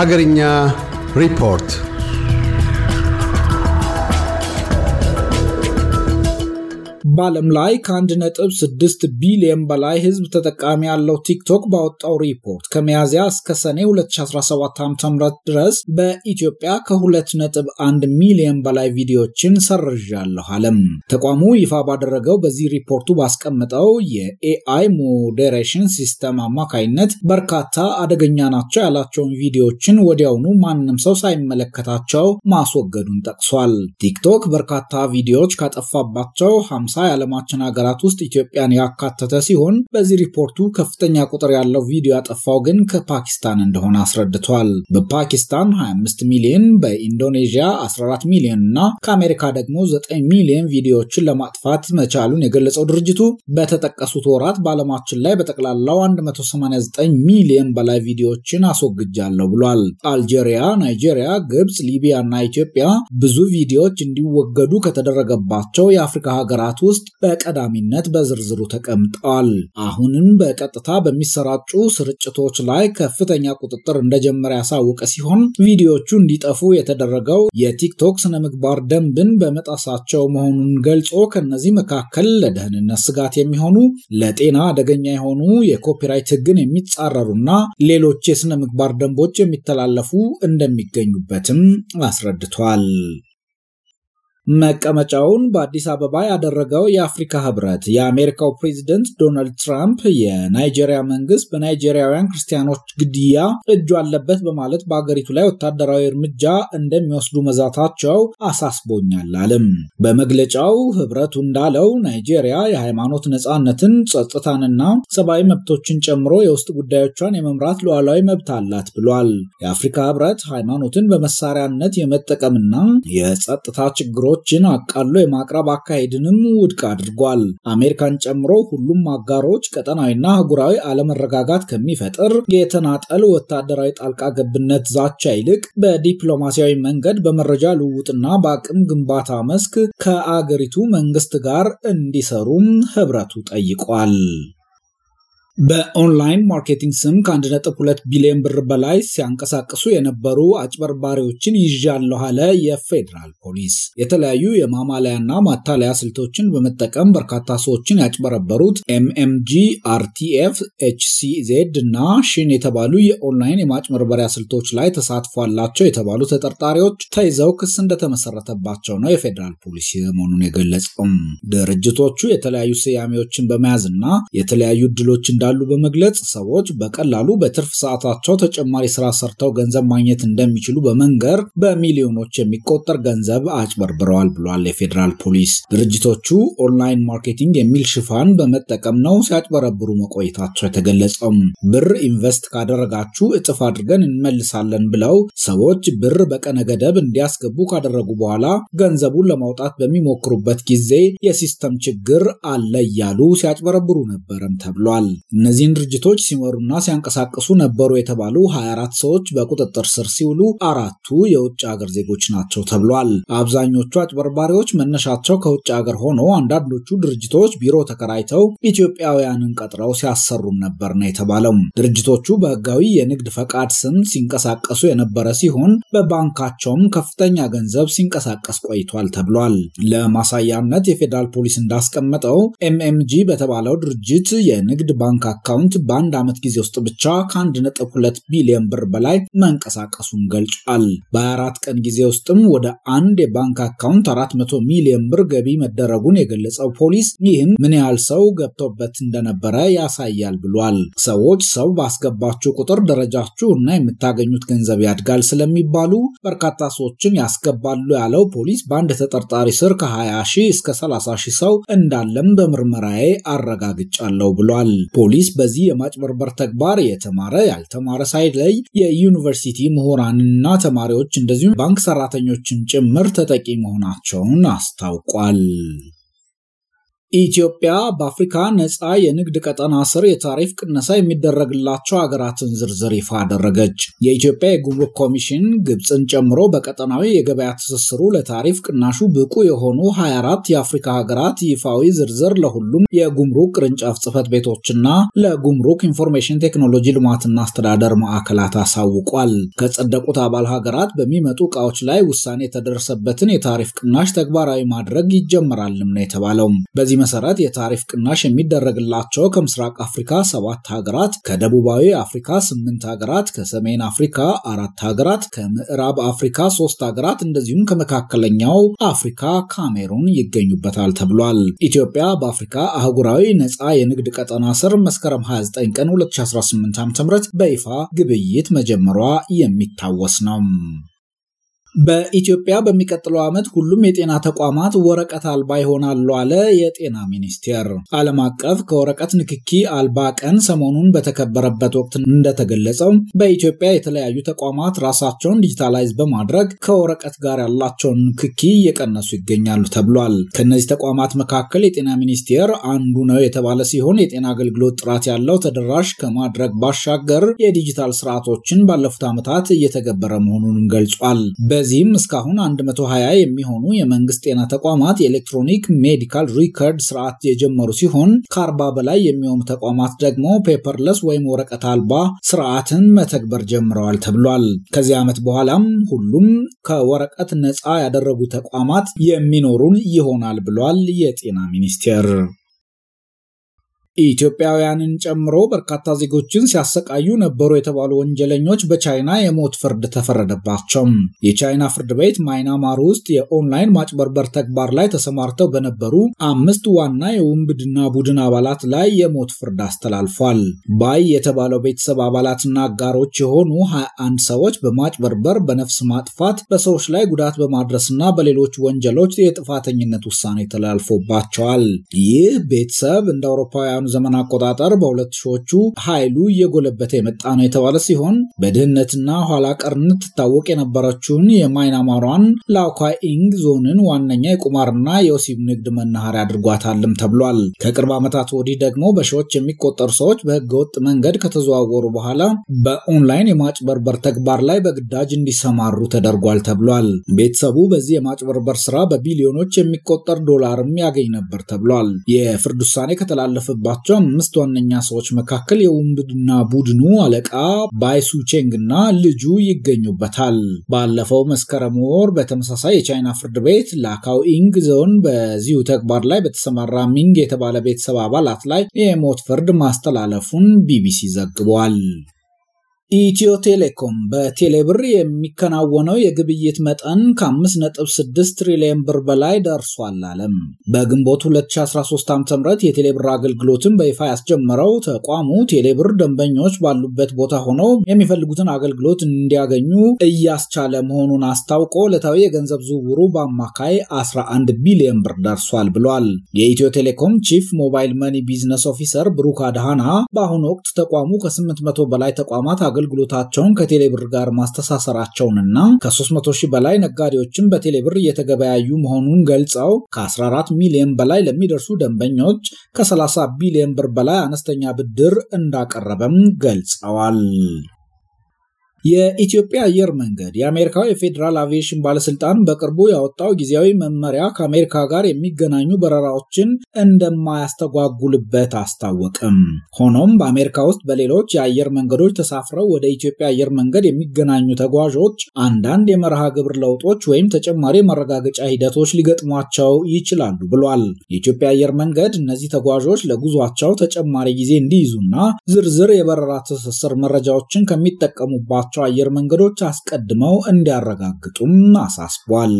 Hagarinya Report በዓለም ላይ ከ1.6 ቢሊዮን በላይ ህዝብ ተጠቃሚ ያለው ቲክቶክ ባወጣው ሪፖርት ከሚያዝያ እስከ ሰኔ 2017 ዓ.ም ድረስ በኢትዮጵያ ከ2.1 ሚሊዮን በላይ ቪዲዮዎችን ሰርዣለሁ አለም። ተቋሙ ይፋ ባደረገው በዚህ ሪፖርቱ ባስቀመጠው የኤአይ ሞዴሬሽን ሲስተም አማካይነት በርካታ አደገኛ ናቸው ያላቸውን ቪዲዮዎችን ወዲያውኑ ማንም ሰው ሳይመለከታቸው ማስወገዱን ጠቅሷል። ቲክቶክ በርካታ ቪዲዮዎች ካጠፋባቸው 50 የዓለማችን ሀገራት ውስጥ ኢትዮጵያን ያካተተ ሲሆን በዚህ ሪፖርቱ ከፍተኛ ቁጥር ያለው ቪዲዮ ያጠፋው ግን ከፓኪስታን እንደሆነ አስረድቷል። በፓኪስታን 25 ሚሊዮን፣ በኢንዶኔዥያ 14 ሚሊዮን እና ከአሜሪካ ደግሞ 9 ሚሊዮን ቪዲዮዎችን ለማጥፋት መቻሉን የገለጸው ድርጅቱ በተጠቀሱት ወራት በዓለማችን ላይ በጠቅላላው 189 ሚሊዮን በላይ ቪዲዮዎችን አስወግጃለሁ ብሏል። አልጄሪያ፣ ናይጄሪያ፣ ግብፅ፣ ሊቢያ እና ኢትዮጵያ ብዙ ቪዲዮዎች እንዲወገዱ ከተደረገባቸው የአፍሪካ ሀገራት ውስጥ በቀዳሚነት በዝርዝሩ ተቀምጠዋል። አሁንም በቀጥታ በሚሰራጩ ስርጭቶች ላይ ከፍተኛ ቁጥጥር እንደጀመረ ያሳወቀ ሲሆን ቪዲዮቹ እንዲጠፉ የተደረገው የቲክቶክ ስነ ምግባር ደንብን በመጣሳቸው መሆኑን ገልጾ ከነዚህ መካከል ለደህንነት ስጋት የሚሆኑ ለጤና አደገኛ የሆኑ የኮፒራይት ህግን የሚጻረሩና ሌሎች የስነ ምግባር ደንቦች የሚተላለፉ እንደሚገኙበትም አስረድቷል። መቀመጫውን በአዲስ አበባ ያደረገው የአፍሪካ ህብረት የአሜሪካው ፕሬዚደንት ዶናልድ ትራምፕ የናይጄሪያ መንግስት በናይጄሪያውያን ክርስቲያኖች ግድያ እጁ አለበት በማለት በአገሪቱ ላይ ወታደራዊ እርምጃ እንደሚወስዱ መዛታቸው አሳስቦኛል አለም። በመግለጫው ህብረቱ እንዳለው ናይጄሪያ የሃይማኖት ነፃነትን፣ ጸጥታንና ሰብአዊ መብቶችን ጨምሮ የውስጥ ጉዳዮቿን የመምራት ሉዓላዊ መብት አላት ብሏል። የአፍሪካ ህብረት ሃይማኖትን በመሳሪያነት የመጠቀምና የጸጥታ ችግሮች ሀሳቦችን አቃሎ የማቅረብ አካሄድንም ውድቅ አድርጓል። አሜሪካን ጨምሮ ሁሉም አጋሮች ቀጠናዊና አህጉራዊ አለመረጋጋት ከሚፈጥር የተናጠል ወታደራዊ ጣልቃ ገብነት ዛቻ ይልቅ በዲፕሎማሲያዊ መንገድ በመረጃ ልውውጥና በአቅም ግንባታ መስክ ከአገሪቱ መንግስት ጋር እንዲሰሩም ህብረቱ ጠይቋል። በኦንላይን ማርኬቲንግ ስም ከ1.2 ቢሊዮን ብር በላይ ሲያንቀሳቅሱ የነበሩ አጭበርባሪዎችን ይዣለሁ አለ የፌዴራል ፖሊስ። የተለያዩ የማማለያና ማታለያ ስልቶችን በመጠቀም በርካታ ሰዎችን ያጭበረበሩት ኤምኤምጂ፣ አርቲኤፍ፣ ኤችሲዜድ እና ሽን የተባሉ የኦንላይን የማጭበርበሪያ ስልቶች ላይ ተሳትፎ አላቸው የተባሉ ተጠርጣሪዎች ተይዘው ክስ እንደተመሰረተባቸው ነው የፌዴራል ፖሊስ መሆኑን የገለጸው። ድርጅቶቹ የተለያዩ ስያሜዎችን በመያዝ እና የተለያዩ እድሎች እንዳ እንዳሉ በመግለጽ ሰዎች በቀላሉ በትርፍ ሰዓታቸው ተጨማሪ ስራ ሰርተው ገንዘብ ማግኘት እንደሚችሉ በመንገር በሚሊዮኖች የሚቆጠር ገንዘብ አጭበርብረዋል ብሏል የፌዴራል ፖሊስ። ድርጅቶቹ ኦንላይን ማርኬቲንግ የሚል ሽፋን በመጠቀም ነው ሲያጭበረብሩ መቆየታቸው የተገለጸው። ብር ኢንቨስት ካደረጋችሁ እጥፍ አድርገን እንመልሳለን ብለው ሰዎች ብር በቀነ ገደብ እንዲያስገቡ ካደረጉ በኋላ ገንዘቡን ለማውጣት በሚሞክሩበት ጊዜ የሲስተም ችግር አለ እያሉ ሲያጭበረብሩ ነበረም ተብሏል። እነዚህን ድርጅቶች ሲመሩና ሲያንቀሳቅሱ ነበሩ የተባሉ 24 ሰዎች በቁጥጥር ስር ሲውሉ አራቱ የውጭ ሀገር ዜጎች ናቸው ተብሏል። አብዛኞቹ አጭበርባሪዎች መነሻቸው ከውጭ ሀገር ሆኖ አንዳንዶቹ ድርጅቶች ቢሮ ተከራይተው ኢትዮጵያውያንን ቀጥረው ሲያሰሩም ነበር ነው የተባለው። ድርጅቶቹ በህጋዊ የንግድ ፈቃድ ስም ሲንቀሳቀሱ የነበረ ሲሆን በባንካቸውም ከፍተኛ ገንዘብ ሲንቀሳቀስ ቆይቷል ተብሏል። ለማሳያነት የፌዴራል ፖሊስ እንዳስቀመጠው ኤምኤምጂ በተባለው ድርጅት የንግድ ባንክ ባንክ አካውንት በአንድ ዓመት ጊዜ ውስጥ ብቻ ከ1.2 ቢሊዮን ብር በላይ መንቀሳቀሱን ገልጿል በአራት ቀን ጊዜ ውስጥም ወደ አንድ የባንክ አካውንት 400 ሚሊዮን ብር ገቢ መደረጉን የገለጸው ፖሊስ ይህም ምን ያህል ሰው ገብቶበት እንደነበረ ያሳያል ብሏል። ሰዎች ሰው ባስገባችሁ ቁጥር ደረጃችሁ እና የምታገኙት ገንዘብ ያድጋል ስለሚባሉ በርካታ ሰዎችን ያስገባሉ ያለው ፖሊስ በአንድ ተጠርጣሪ ስር ከ20 ሺህ እስከ 30 ሺህ ሰው እንዳለም በምርመራዬ አረጋግጫለሁ ብሏል። ፖሊስ በዚህ የማጭበርበር ተግባር የተማረ ያልተማረ ሳይለይ የዩኒቨርሲቲ ምሁራንና ተማሪዎች እንደዚሁም ባንክ ሰራተኞችን ጭምር ተጠቂ መሆናቸውን አስታውቋል። ኢትዮጵያ በአፍሪካ ነፃ የንግድ ቀጠና ስር የታሪፍ ቅነሳ የሚደረግላቸው ሀገራትን ዝርዝር ይፋ አደረገች። የኢትዮጵያ የጉምሩክ ኮሚሽን ግብፅን ጨምሮ በቀጠናዊ የገበያ ትስስሩ ለታሪፍ ቅናሹ ብቁ የሆኑ 24 የአፍሪካ ሀገራት ይፋዊ ዝርዝር ለሁሉም የጉምሩክ ቅርንጫፍ ጽህፈት ቤቶችና ለጉምሩክ ኢንፎርሜሽን ቴክኖሎጂ ልማትና አስተዳደር ማዕከላት አሳውቋል። ከጸደቁት አባል ሀገራት በሚመጡ እቃዎች ላይ ውሳኔ የተደረሰበትን የታሪፍ ቅናሽ ተግባራዊ ማድረግ ይጀምራልም ነው የተባለው። በዚህ መሰረት የታሪፍ ቅናሽ የሚደረግላቸው ከምስራቅ አፍሪካ ሰባት ሀገራት፣ ከደቡባዊ አፍሪካ ስምንት ሀገራት፣ ከሰሜን አፍሪካ አራት ሀገራት፣ ከምዕራብ አፍሪካ ሶስት ሀገራት እንደዚሁም ከመካከለኛው አፍሪካ ካሜሩን ይገኙበታል ተብሏል። ኢትዮጵያ በአፍሪካ አህጉራዊ ነፃ የንግድ ቀጠና ስር መስከረም 29 ቀን 2018 ዓ.ም በይፋ ግብይት መጀመሯ የሚታወስ ነው። በኢትዮጵያ በሚቀጥለው ዓመት ሁሉም የጤና ተቋማት ወረቀት አልባ ይሆናሉ አለ የጤና ሚኒስቴር። ዓለም አቀፍ ከወረቀት ንክኪ አልባ ቀን ሰሞኑን በተከበረበት ወቅት እንደተገለጸው በኢትዮጵያ የተለያዩ ተቋማት ራሳቸውን ዲጂታላይዝ በማድረግ ከወረቀት ጋር ያላቸውን ንክኪ እየቀነሱ ይገኛሉ ተብሏል። ከእነዚህ ተቋማት መካከል የጤና ሚኒስቴር አንዱ ነው የተባለ ሲሆን የጤና አገልግሎት ጥራት ያለው ተደራሽ ከማድረግ ባሻገር የዲጂታል ስርዓቶችን ባለፉት ዓመታት እየተገበረ መሆኑንም ገልጿል። በዚህም እስካሁን 120 የሚሆኑ የመንግስት ጤና ተቋማት የኤሌክትሮኒክ ሜዲካል ሪከርድ ስርዓት የጀመሩ ሲሆን ከአርባ በላይ የሚሆኑ ተቋማት ደግሞ ፔፐርለስ ወይም ወረቀት አልባ ስርዓትን መተግበር ጀምረዋል ተብሏል። ከዚህ ዓመት በኋላም ሁሉም ከወረቀት ነፃ ያደረጉ ተቋማት የሚኖሩን ይሆናል ብሏል የጤና ሚኒስቴር። ኢትዮጵያውያንን ጨምሮ በርካታ ዜጎችን ሲያሰቃዩ ነበሩ የተባሉ ወንጀለኞች በቻይና የሞት ፍርድ ተፈረደባቸው። የቻይና ፍርድ ቤት ማይናማር ውስጥ የኦንላይን ማጭበርበር ተግባር ላይ ተሰማርተው በነበሩ አምስት ዋና የውንብድና ቡድን አባላት ላይ የሞት ፍርድ አስተላልፏል። ባይ የተባለው ቤተሰብ አባላትና አጋሮች የሆኑ 21 ሰዎች በማጭበርበር፣ በነፍስ ማጥፋት፣ በሰዎች ላይ ጉዳት በማድረስና በሌሎች ወንጀሎች የጥፋተኝነት ውሳኔ ተላልፎባቸዋል። ይህ ቤተሰብ እንደ አውሮፓውያኑ ዘመን አቆጣጠር በሁለት ሺዎቹ ኃይሉ እየጎለበተ የመጣ ነው የተባለ ሲሆን በድህነትና ኋላ ቀርነት ትታወቅ የነበረችውን የማይናማሯን ላኳ ኢንግ ዞንን ዋነኛ የቁማርና የወሲብ ንግድ መናኸሪያ አድርጓታልም ተብሏል። ከቅርብ ዓመታት ወዲህ ደግሞ በሺዎች የሚቆጠሩ ሰዎች በህገወጥ መንገድ ከተዘዋወሩ በኋላ በኦንላይን የማጭበርበር ተግባር ላይ በግዳጅ እንዲሰማሩ ተደርጓል ተብሏል። ቤተሰቡ በዚህ የማጭበርበር ስራ በቢሊዮኖች የሚቆጠር ዶላርም ያገኝ ነበር ተብሏል። የፍርድ ውሳኔ ከተላለፈባ ከሚገኙባቸው አምስት ዋነኛ ሰዎች መካከል የውንብድና ቡድኑ አለቃ ቼንግ እና ልጁ ይገኙበታል። ባለፈው መስከረም ወር በተመሳሳይ የቻይና ፍርድ ቤት ላካው ኢንግ ዞን በዚሁ ተግባር ላይ በተሰማራ ሚንግ የተባለ ቤተሰብ አባላት ላይ የሞት ፍርድ ማስተላለፉን ቢቢሲ ዘግቧል። ኢትዮ ቴሌኮም በቴሌብር የሚከናወነው የግብይት መጠን ከ5.6 ትሪሊየን ብር በላይ ደርሷል አለም። በግንቦት 2013 ዓ.ም የቴሌብር አገልግሎትን በይፋ ያስጀመረው ተቋሙ ቴሌብር ደንበኞች ባሉበት ቦታ ሆነው የሚፈልጉትን አገልግሎት እንዲያገኙ እያስቻለ መሆኑን አስታውቆ ዕለታዊ የገንዘብ ዝውውሩ በአማካይ 11 ቢሊየን ብር ደርሷል ብሏል። የኢትዮ ቴሌኮም ቺፍ ሞባይል መኒ ቢዝነስ ኦፊሰር ብሩክ አድሃና በአሁኑ ወቅት ተቋሙ ከ800 በላይ ተቋማት አገልግሎታቸውን ከቴሌብር ጋር ማስተሳሰራቸውንና ከ300 ሺህ በላይ ነጋዴዎችን በቴሌብር እየተገበያዩ መሆኑን ገልጸው ከ14 ሚሊዮን በላይ ለሚደርሱ ደንበኞች ከ30 ቢሊዮን ብር በላይ አነስተኛ ብድር እንዳቀረበም ገልጸዋል። የኢትዮጵያ አየር መንገድ የአሜሪካው የፌዴራል አቪዬሽን ባለስልጣን በቅርቡ ያወጣው ጊዜያዊ መመሪያ ከአሜሪካ ጋር የሚገናኙ በረራዎችን እንደማያስተጓጉልበት አስታወቅም። ሆኖም በአሜሪካ ውስጥ በሌሎች የአየር መንገዶች ተሳፍረው ወደ ኢትዮጵያ አየር መንገድ የሚገናኙ ተጓዦች አንዳንድ የመርሃ ግብር ለውጦች ወይም ተጨማሪ መረጋገጫ ሂደቶች ሊገጥሟቸው ይችላሉ ብሏል። የኢትዮጵያ አየር መንገድ እነዚህ ተጓዦች ለጉዟቸው ተጨማሪ ጊዜ እንዲይዙና ዝርዝር የበረራ ትስስር መረጃዎችን ከሚጠቀሙባቸው ያሏቸው አየር መንገዶች አስቀድመው እንዲያረጋግጡም አሳስቧል።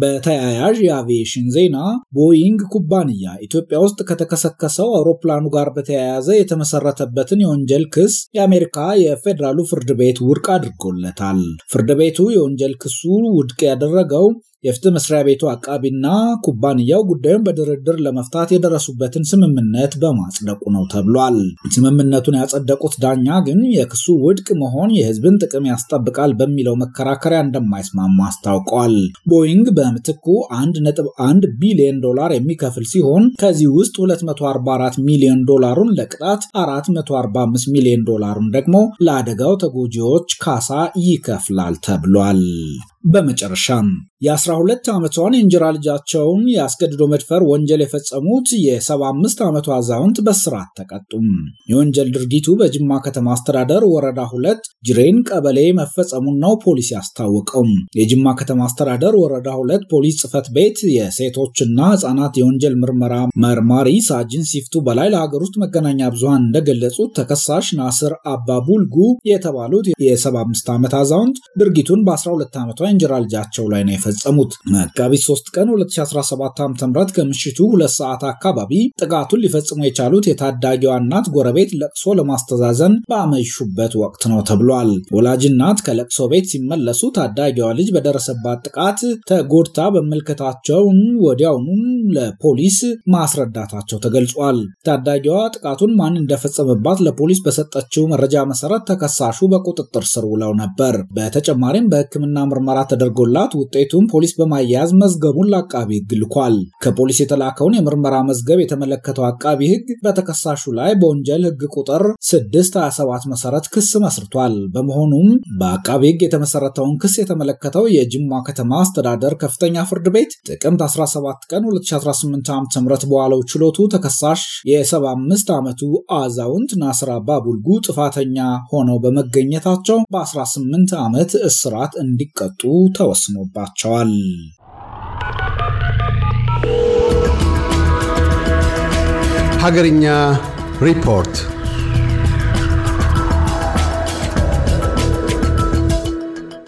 በተያያዥ የአቪዬሽን ዜና ቦይንግ ኩባንያ ኢትዮጵያ ውስጥ ከተከሰከሰው አውሮፕላኑ ጋር በተያያዘ የተመሰረተበትን የወንጀል ክስ የአሜሪካ የፌዴራሉ ፍርድ ቤት ውድቅ አድርጎለታል። ፍርድ ቤቱ የወንጀል ክሱ ውድቅ ያደረገው የፍትህ መስሪያ ቤቱ አቃቢና ኩባንያው ጉዳዩን በድርድር ለመፍታት የደረሱበትን ስምምነት በማጽደቁ ነው ተብሏል። ስምምነቱን ያጸደቁት ዳኛ ግን የክሱ ውድቅ መሆን የህዝብን ጥቅም ያስጠብቃል በሚለው መከራከሪያ እንደማይስማሙ አስታውቀዋል። ቦይንግ በምትኩ 1.1 ቢሊዮን ዶላር የሚከፍል ሲሆን ከዚህ ውስጥ 244 ሚሊዮን ዶላሩን ለቅጣት፣ 445 ሚሊዮን ዶላሩን ደግሞ ለአደጋው ተጎጂዎች ካሳ ይከፍላል ተብሏል። በመጨረሻም የ12 ዓመቷን የእንጀራ ልጃቸውን የአስገድዶ መድፈር ወንጀል የፈጸሙት የ75 ዓመቷ አዛውንት በስርዓት ተቀጡም። የወንጀል ድርጊቱ በጅማ ከተማ አስተዳደር ወረዳ ሁለት ጅሬን ቀበሌ መፈጸሙን ነው ፖሊስ ያስታወቀው። የጅማ ከተማ አስተዳደር ወረዳ ሁለት ፖሊስ ጽህፈት ቤት የሴቶችና ህጻናት የወንጀል ምርመራ መርማሪ ሳጅን ሲፍቱ በላይ ለሀገር ውስጥ መገናኛ ብዙሃን እንደገለጹት ተከሳሽ ናስር አባቡልጉ የተባሉት የ75 ዓመት አዛውንት ድርጊቱን በ12 ዓመቷ በማንጀራ ልጃቸው ላይ ነው የፈጸሙት። መጋቢት 3 ቀን 2017 ዓ ም ከምሽቱ ሁለት ሰዓት አካባቢ ጥቃቱን ሊፈጽሙ የቻሉት የታዳጊዋ እናት ጎረቤት ለቅሶ ለማስተዛዘን በአመሹበት ወቅት ነው ተብሏል። ወላጅ እናት ከለቅሶ ቤት ሲመለሱ ታዳጊዋ ልጅ በደረሰባት ጥቃት ተጎድታ በመልከታቸውን ወዲያውኑም ለፖሊስ ማስረዳታቸው ተገልጿል። ታዳጊዋ ጥቃቱን ማን እንደፈጸመባት ለፖሊስ በሰጠችው መረጃ መሰረት ተከሳሹ በቁጥጥር ስር ውለው ነበር። በተጨማሪም በሕክምና ምርመራ ተደርጎላት ውጤቱን ፖሊስ በማያያዝ መዝገቡን ለአቃቢ ህግ ልኳል። ከፖሊስ የተላከውን የምርመራ መዝገብ የተመለከተው አቃቢ ህግ በተከሳሹ ላይ በወንጀል ህግ ቁጥር 627 መሰረት ክስ መስርቷል። በመሆኑም በአቃቢ ህግ የተመሰረተውን ክስ የተመለከተው የጅማ ከተማ አስተዳደር ከፍተኛ ፍርድ ቤት ጥቅምት 17 ቀን 2018 ዓ ም በዋለው ችሎቱ ተከሳሽ የ75 ዓመቱ አዛውንት ናስር አባቡልጉ ጥፋተኛ ሆነው በመገኘታቸው በ18 ዓመት እስራት እንዲቀጡ ተወስኖባቸዋል። ሀገርኛ ሪፖርት